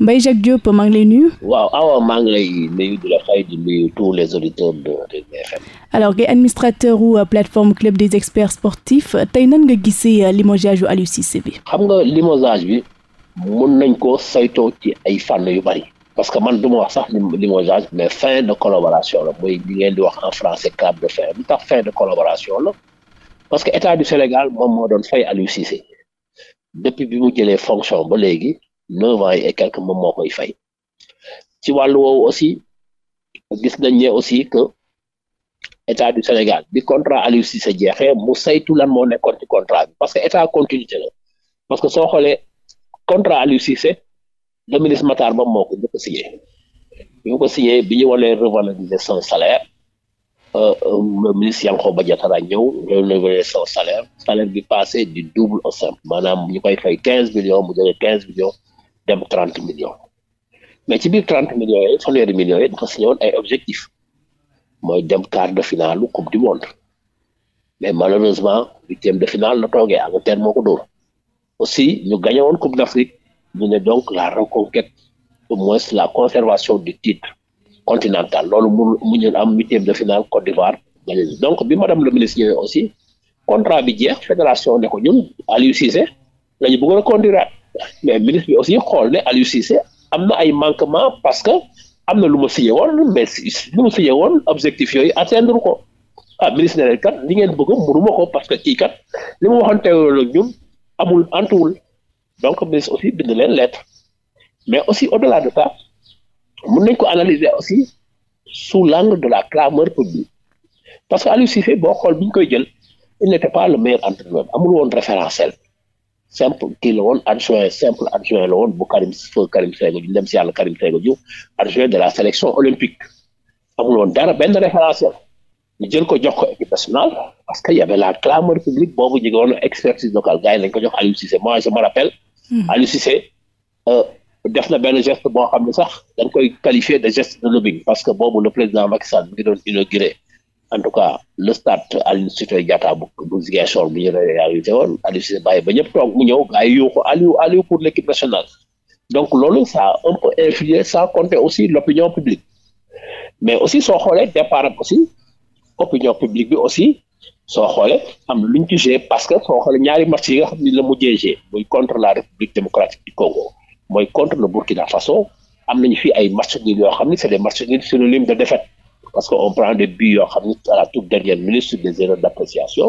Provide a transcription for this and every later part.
Mbaye Jacques Diop maa ngi lay nuyu. waaw awa maa ngi lay nuyu di la fay di nuyu tous les auditeurs de Rewmi FM. alors ngay administrateur u euh, plateforme club des experts sportifs tey nan nga gisee euh, limogeage yu Aliou bi. xam nga limogage bi mën nañ ko saytoo ci ay fànn yu bari parce que man du ma wax sax limogeage mais fin de collaboration la mooy li ngeen di wax en français cadre de fin lu tax fin de collaboration la parce que état du Sénégal moom moo doon fay Aliou Cissé depuis bi mu jëlee fonction ba léegi. neuf ans et quelque moom moo koy fay ci wàllu woowu aussi gis nañ ne aussi que état du Sénégal bi contrat Aliou Cissé jeexee mu saytu lan moo nekkoon contrat bi parce que état continuité la parce que soo xoolee contrat Aliou Cissé le ministre Matar Ba moo ko ñu ko signé bi ñu ko signé bi ñu walee revaloriser son salaire euh, euh, ministre Yankhoba Diattara ñëw renouveler son salaire salaire bi passé du double au simple maanaam ñu koy fay quinze millions mu jëlee quinze millions dem trente millions mais ci biir trente millions yooyu fanweeri millions yi dafa signé ay objectifs mooy dem quart de finale lu coupe du monde mais malheureusement huitième de finale la toogee Angleterre moo ko dóor aussi ñu gagné woon coupe d'Afrique ñu ne donc la reconquête au moins la conservation du titre continental loolu mu ñu am huitième de finale Côte d'Ivoire donc bi madame le ministre ñëwee aussi contrat bi jeex fédération ne ko ñun Aliou Cissé la ñu mais ministre bi aussi xool ne Aliou am na ay manquement parce que am na lu ma signé woon mais lu ma signé woon objectif yooyu atteindre ko a ah, ministre ne leen kat li ngeen bëgg mënuma ko parce que kii kat li ma waxoon teewloo ak ñun amul antuwul donc ministre aussi bind leen lettre mais aussi au delà de ça mën nañ ko analyser aussi sous l'angle de la clameur publique parce que Aliou Cissé boo xool bi ñu koy jël il n'était pas le meilleur entraîneur amul woon référentiel simple kii la woon adjoint simple adjoint la woon bu Karim feu Karim Ségo Diouf si yàlla Karim Ségo Diouf adjoint de la sélection olympique amul dara benn référentiel ñu jël ko jox ko équipe nationale parce que y avait la clameur publique boobu ñu ngi woon expertise locale gars yi lañ ko jox Aliou Cissé je me rappelle. Hmm. Aliou Cissé euh, def benn geste boo xam ne sax dañ koy qualifier de geste de lobbying parce que boobu le président Macky Sall mi ngi doon en tout cas le stade Aline Sitoé Diatta bu bu Ziguinchor bu ñu réalité woon Aliou Cissé bàyyi ba ñëpp toog mu ñëw ay yuuxu Aliou pour l' équipe nationale donc loolu ça a un peu influé sans compter aussi l' opinion publique mais aussi soo xoolee départ aussi opinion publique bi aussi soo xoolee am lu ñu ci parce que soo xoolee ñaari match yi xam ni la mujjee jee contre la République démocratique du Congo mooy contre le Burkina Faso am nañu parce que on prend des buts xam ne à la toute dernière minute sur des erreurs d'appréciation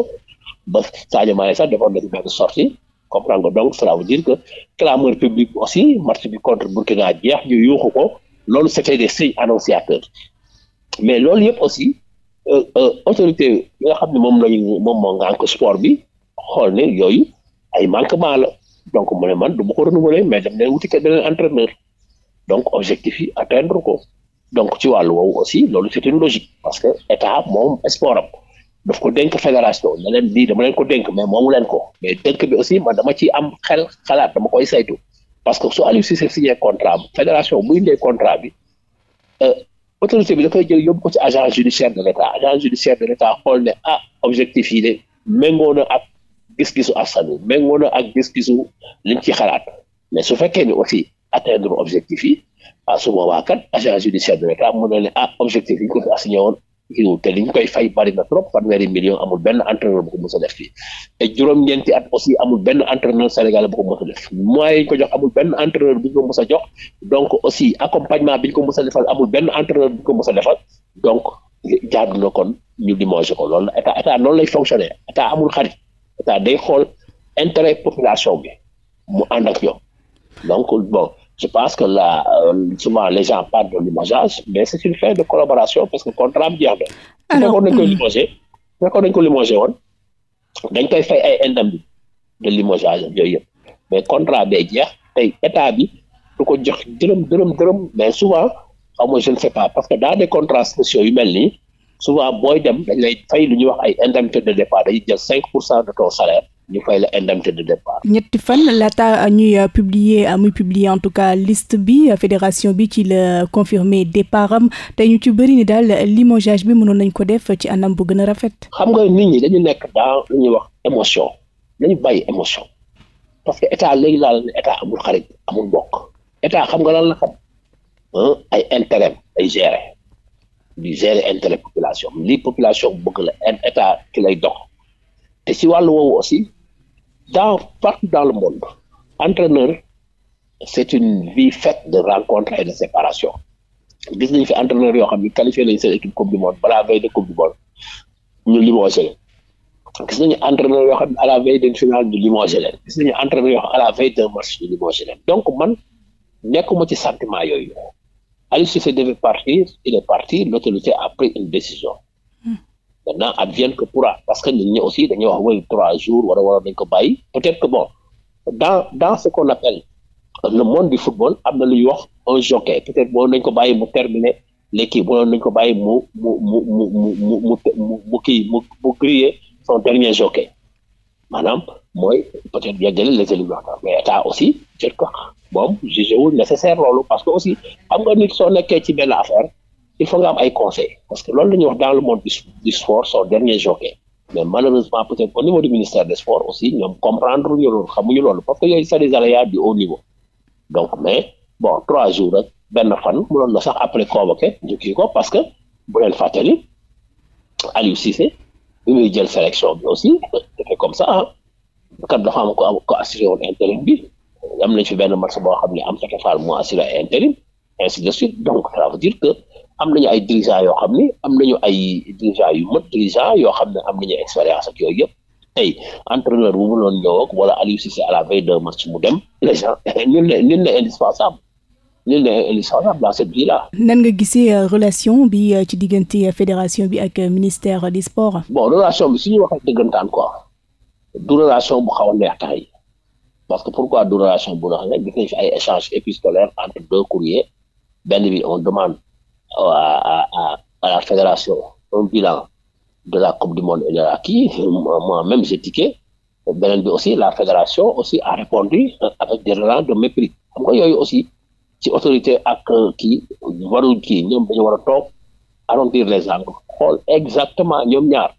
ba Sadio Mané sax defoon na ci benn sortie comprendre nga donc cela dire que clameur publique aussi match bi contre Burkina jeex ñu yuuxu ko loolu c'était des signes annonciateurs mais loolu yëpp aussi euh, euh, autorité nga xam ne moom lañu moom moo ngànk sport bi xool ne yooyu ay manquement la donc mu ne man du ma ko renouveler mais dem leen wuti ke beneen entraîneur donc objectif yi atteindre ko donc ci wàllu woowu loolu c'est une logique parce que état moom sport am daf ko dénk fédération ne dama leen ko dénk mais moomu leen ko mais dénk bi aussi man dama ci am xel xalaat dama koy saytu parce que su si Cissé signé contrat fédération buy indee contrat bi euh, autorité bi da koy jël yóbbu ko ci agent judiciaire de l'État agence judiciaire de l'État xool ne ah objectif yi de méngoo na ak gis-gisu askan wi méngoo ak gis-gisu liñ ci xalaat mais su fekkee ni aussi atteindre objectif yi ah su boobaa kat agence judiciaire bi rek ah mu ne objectif yi li koy fay bari na trop fanweeri million amul benn entraîneur bu ko mos a def fii te juróom-ñeenti at amul benn entraîneur sénégalais bu ko a def moyens ko jox amul benn entraîneur bu mos a jox donc aussi accompagnement bi ñu ko mos a defal amul benn entraîneur bu ñu ko mos a defal donc jaadu na kon ñu limoger ko lool état état noonu lay fonctionner état amul xarit état day xool intérêt population bi mu ànd ak ñoom donc bon. je pense que la euh, souvent les gens parlent de limogeage, mais c'est une fin de collaboration parce que contrat bi jeex na. alors su fekkoon dañ koy limogé su dañ ko limogé woon dañ koy fay ay indemnité de limogeage yooyu yëpp mais contrat bee jeex tey état bi du ko jox dërëm dërëm dërëm mais souvent xaw ma je ne sais pas parce que dans des contrats sociaux yu mel ni souvent booy dem dañ lay fay lu ñuy wax ay indemnité de départ dañuy jël cinq pour cent de ton salaire. ñu fay la indemnité de départ. ñetti fan laata ñuy euh, publier euh, muy publier en tout cas list bi euh, fédération bi ci la confirmer départ am te ñu ci bëri ni daal limogeage bi mënoon nañ ko def ci anam bu gën a rafet. xam nga nit ñi dañu nekk dans lu ñuy wax émotion nañu bàyyi émotion parce que état léegi laal ne état amul xarit amul mbokk état xam nga lan la xam ay intérêt ay gérer di gérer intérêt population li population bëgg la état ki lay dox te si wàllu woowu aussi. dans partout dans le monde entraîneur c'est une vie faite de rencontres et de séparation gis nañu fi entraîneur yoo xam ne qualifié nañu seen équipe coupe du monde balaa veille de coupe du monde ñu limogé leen gis nañu entraîneur yoo xam ne à la veille d'une finale entraîneur yoo à la veille d'un match ñu limogé leen donc man nekkuma ci sentiment yooyu Aliou Cissé devait partir il est parti l'autorité a pris une décision maintenant advienne que pourra parce que nit ñi aussi dañuy wax woy trois jours wala wara dañ ko bàyyi peut-être que bon dans dans ce qu'on appelle le monde du football am na lu ñuy wax un jockey peut-être boo nañ ko bàyyi mu terminer l'équipe boo nañ ko bàyyi mu mu mu mu mu mu mu mu kii mu mu griller son dernier jockey maanaam mooy peut-être yeggale les éliminatoires mais état aussi peut-être que moom jugewul nécessaire loolu que aussi xam nga nit soo nekkee ci benn affaire il faut nga am ay conseils parce que loolu la ñuy wax dans le monde du sport son dernier jockey mais malheureusement peut-être au niveau du ministère des sports aussi ñoom comprendre ñu loolu xamuñu loolu parce que yooyu c'est des aléas du haut niveau donc mais bon trois jours rek benn fan munoon na sax après convoqué ñu kii ko parce que bu leen fàttali Aliou Cissé bi muy jël sélection bi aussi comme ça ah kat dafa am ko ko assuré woon intérim bi am nañ fi benn match boo xam ne am fekk faal moo assuré intérim ainsi de suite donc ça dire que am nañu ay dirigeants yoo xam ne am nañu ay dirigeants yu mot dirigeants yoo xam ne am nañu expérience ak yooyu yëpp tey entraîneur bu mu doon ñëw wala Aliou si à la veille d'un match mu dem les gens nul n'est nul n'est indispensable nul n'est indispensable dans cette vie là. nan nga gisee euh, relation bi euh, ci diggante euh, fédération bi ak ministère des sports. bon relation bi su ñu waxee dëggantaan quoi du relation bu xaw a neex tax yi parce que pourquoi du relation bu neex la benn bi on demande à, à, à la fédération un bilan de la coupe du monde et la kii moi-même j'ai tiqué beneen bi aussi la fédération aussi à répondu euh, avec des relents de mépris xam nga yooyu aussi ci autorité ak euh, kii waruñ kii ñoom dañu war a toog arrondir les angles xool exactement ñoom ñaar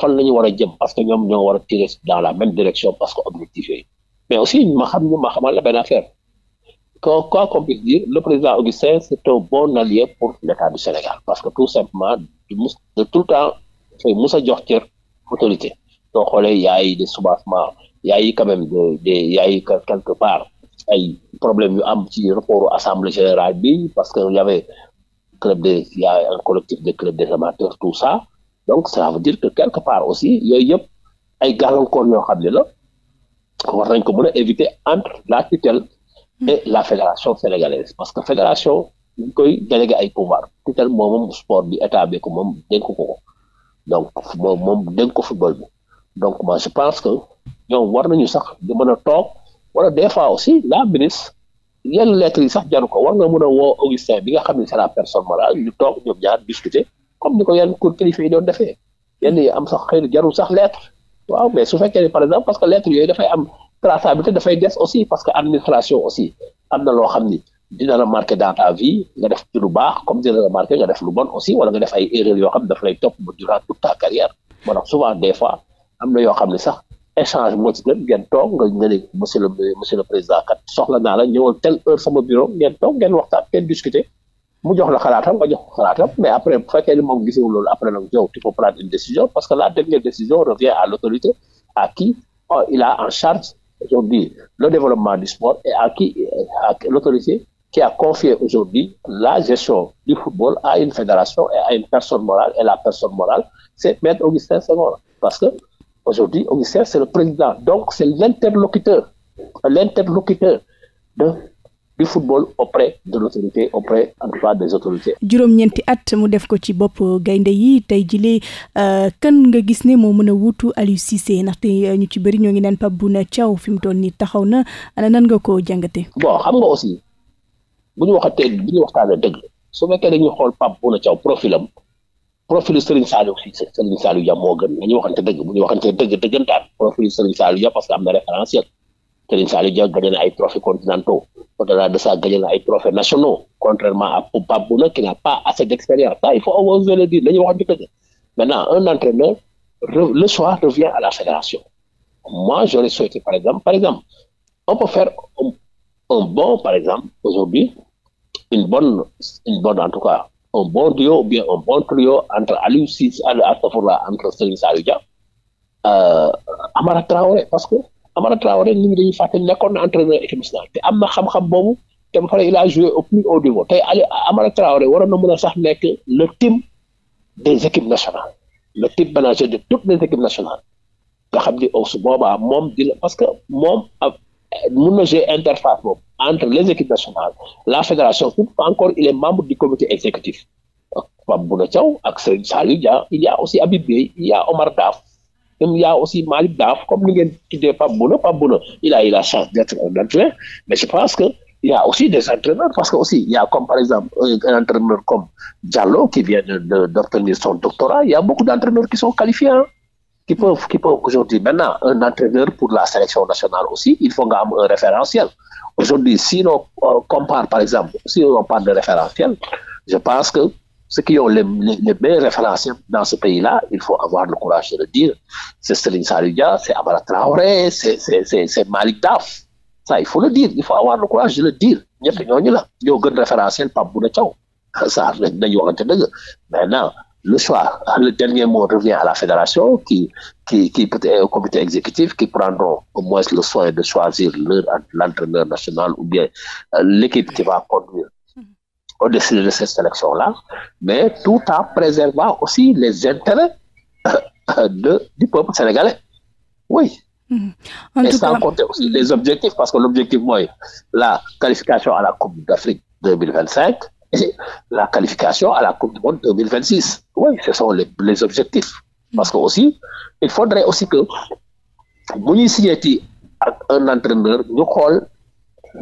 fan la ñu war a jëm parce que ñoom ñoo war a tirer dans la même direction parce que objectif yooyu mais aussi ma xam ñu ma xamal la benn affaire quoi qu'on puisse dire, le président Augustin, c'est un bon allié pour l'État du Sénégal. Parce que tout simplement, de tout le temps, c'est Moussa Diortier, autorité. Donc, il y a eu des soubassements, il y a eu quand même des, des il y a eu part, ay problème yu am ci rapport assemblée générale bi parce que y avait club a un collectif de club des amateurs tout ça donc ça veut dire quelque part aussi yooyu yëpp ay gàllankoor yoo xam ne la war nañ ko mën a et la fédération sénégalaise parce que fédération dañ koy délégué ay pouvoir tutelle moom sport bi état bi ko moom dénk ko ko donc moom moom dénk ko football bi donc ma je pense que ñoom war nañu sax di mën a toog a des fois aussi la ministre yenn lettres yi sax jaru ko war nga mën a woo Augustin bi nga xam ne c'est la personne morale ñu toog ñoom ñaar discuter comme ni ko yenn cour kilifa yi doon defee yenn yi am sax xëy na jarul sax lettre waaw mais su fekkee ne par exemple parce que lettre yooyu dafay am traçabilité dafay des aussi parce que administration am na loo xam ni dina la dans ta vie nga def ci lu baax nga def lu bon aussi wala nga def ay erreurs xam ne lay topp ba durant toute ta carrière moo tax souvent des fois am na yoo xam ne sax échange moo ci gën ngeen toog nga nga ne monsieur le monsieur le président kat soxla naa la ñëwal telle heure sama bureau waxtaan ngeen discuter mu jox la xalaatam nga jox ko xalaatam mais après bu fekkee moom gisul après nag yow tu prendre une décision parce que la dernière décision revient le développement du sport et à qui à l'autorité qui a confié aujourd'hui la gestion du football à une fédération et à une personne morale. Et la personne morale, c'est Maître Augustin Senghor. Parce que aujourd'hui, Augustin, c'est le président. Donc, c'est l'interlocuteur, l'interlocuteur de di football auprès de l'autorité auprès en tout juróom-ñeenti at mu def ko ci bopp gaynde yi tey jile euh, kan nga gis ne moo mën a wuutu Aliou Cissé ndaxte euh, ñu ci bari ñoo ngi naan Pape Bouna Thiaw fi mu toon nii taxaw na ana nan nga ko jàngate bon xam nga aussi bu ñu waxatee bu ñu waxtaanee dëgg su fekkee dañuy xool Pape Bouna Thiaw profilam profilu Serigne Saliou Cissé Serigne Saliou moo gën nañu waxante dëgg bu ñu waxante dëgg dëggantaan profilu Serigne Saliou Dia parce que am na référentiel Serigne Saliou Dia ay trophées continentaux au-delà de ça gagné na ay trophées nationaux contrairement à Pape Bouna qui n'a pas assez d'expérience ça il faut le dire dañuy entraîneur le choix revient à la fédération moi j'aurais souhaité par exemple par exemple on peut faire un, bon par exemple aujourd'hui une bonne en tout cas un bon duo ou bien un bon trio entre Aliou Cissé entre Serigne Saliou Dia euh, Amara Traoré parce que Amara Traoré nit ñi dañuy nekkoon na entraîneur équipe nationale te am na xam-xam boobu te ba pare il a joué au plus haut niveau tey Ali Amara Traoré waroon na mën a sax nekk le team des équipes nationales le team manager de toutes les équipes nationales nga xam ni su boobaa moom di parce que moom mun na jouer interface boobu entre les équipes nationales la fédération foot encore il est membre du comité exécutif Pape Bouna Thiaw ak a a il y a aussi Malick Daaf comme ni ngeen tuddee Pape Bouna Pape Bouna il a eu la chance d'être un entraîneur mais je pense que il y a aussi des entraîneurs parce que aussi il y a comme par exemple un entraîneur comme Diallo qui vient d'obtenir son doctorat il y a beaucoup d'entraîneurs qui sont qualifiés hein, qui peuvent qui peuvent aujourd'hui un entraîneur pour la sélection nationale aussi il faut nga un référentiel aujourd'hui si l'on euh, compare par exemple pense que ceux qui ont les, meilleurs référentiels dans ce pays-là, il faut avoir le courage de le dire. C'est Céline Saludia, c'est Amara Traoré, c'est Malik Daf. Ça, il faut le dire. Il faut avoir le courage de le dire. ñëpp ñooñu la ñoo gën référentiel Pape Bouba Thiaw Sarr nañu waxante dëgg maintenant le soir le dernier mot revient à la fédération qui qui qui peut être au comité exécutif qui prendront au moins le soin de choisir leur l'entraîneur national ou bien euh, au-dessus de cette sélection-là, mais tout en préservant aussi les intérêts euh, de, du peuple sénégalais. Oui. aussi mm. les objectifs, parce que l'objectif, moi, la qualification à la Coupe d'Afrique 2025 et la qualification à la Coupe du Monde 2026. Oui, ce sont les, les objectifs. Mm. Parce que aussi, il faudrait aussi que nous signions un entraîneur, nous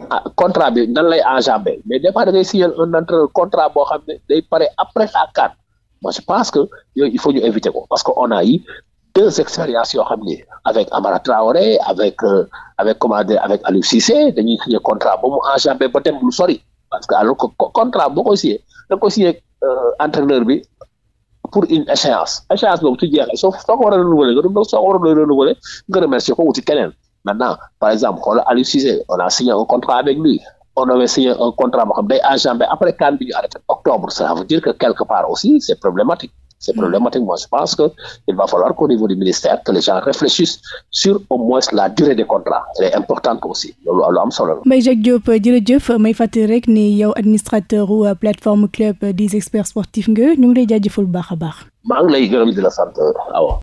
Ah, contrat bi nan lay enjambé mais des fois da ngay signer un entraîneur contrat boo xam ne day pare après la CAN moi je pense que yooyu il faut ñu invité ko parce que on a eu deux expériences yoo xam ni avec Amara Traoré avec euh, avec comment dire avec Aliou Cissé dañuy signer contrat ba mu enjambé ba dem lu parce que alors que contrat boo ko signé da nga ko signé euh, bi pour une échéance échéance boobu su jeexee soo soo ko war nga ko war a remercier ko wuti keneen maintenant par exemple xoolal Aliou a signé un contrat avec lui on avait signé un contrat boo xam day enjambé après CAN veut dire que quelque part aussi c'est problématique c'est mm. problématique moi je pense que il va falloir qu'au niveau du ministère que les gens réfléchissent sur au moins la durée des contrats elle est importante aussi loolu lu am solo la. Mbaye Jacques Diop rek ni yow administrateur u euh, plateforme club euh, des experts sportifs nga ñu ngi lay jaajëfal bu baax a baax. maa ngi lay gërëm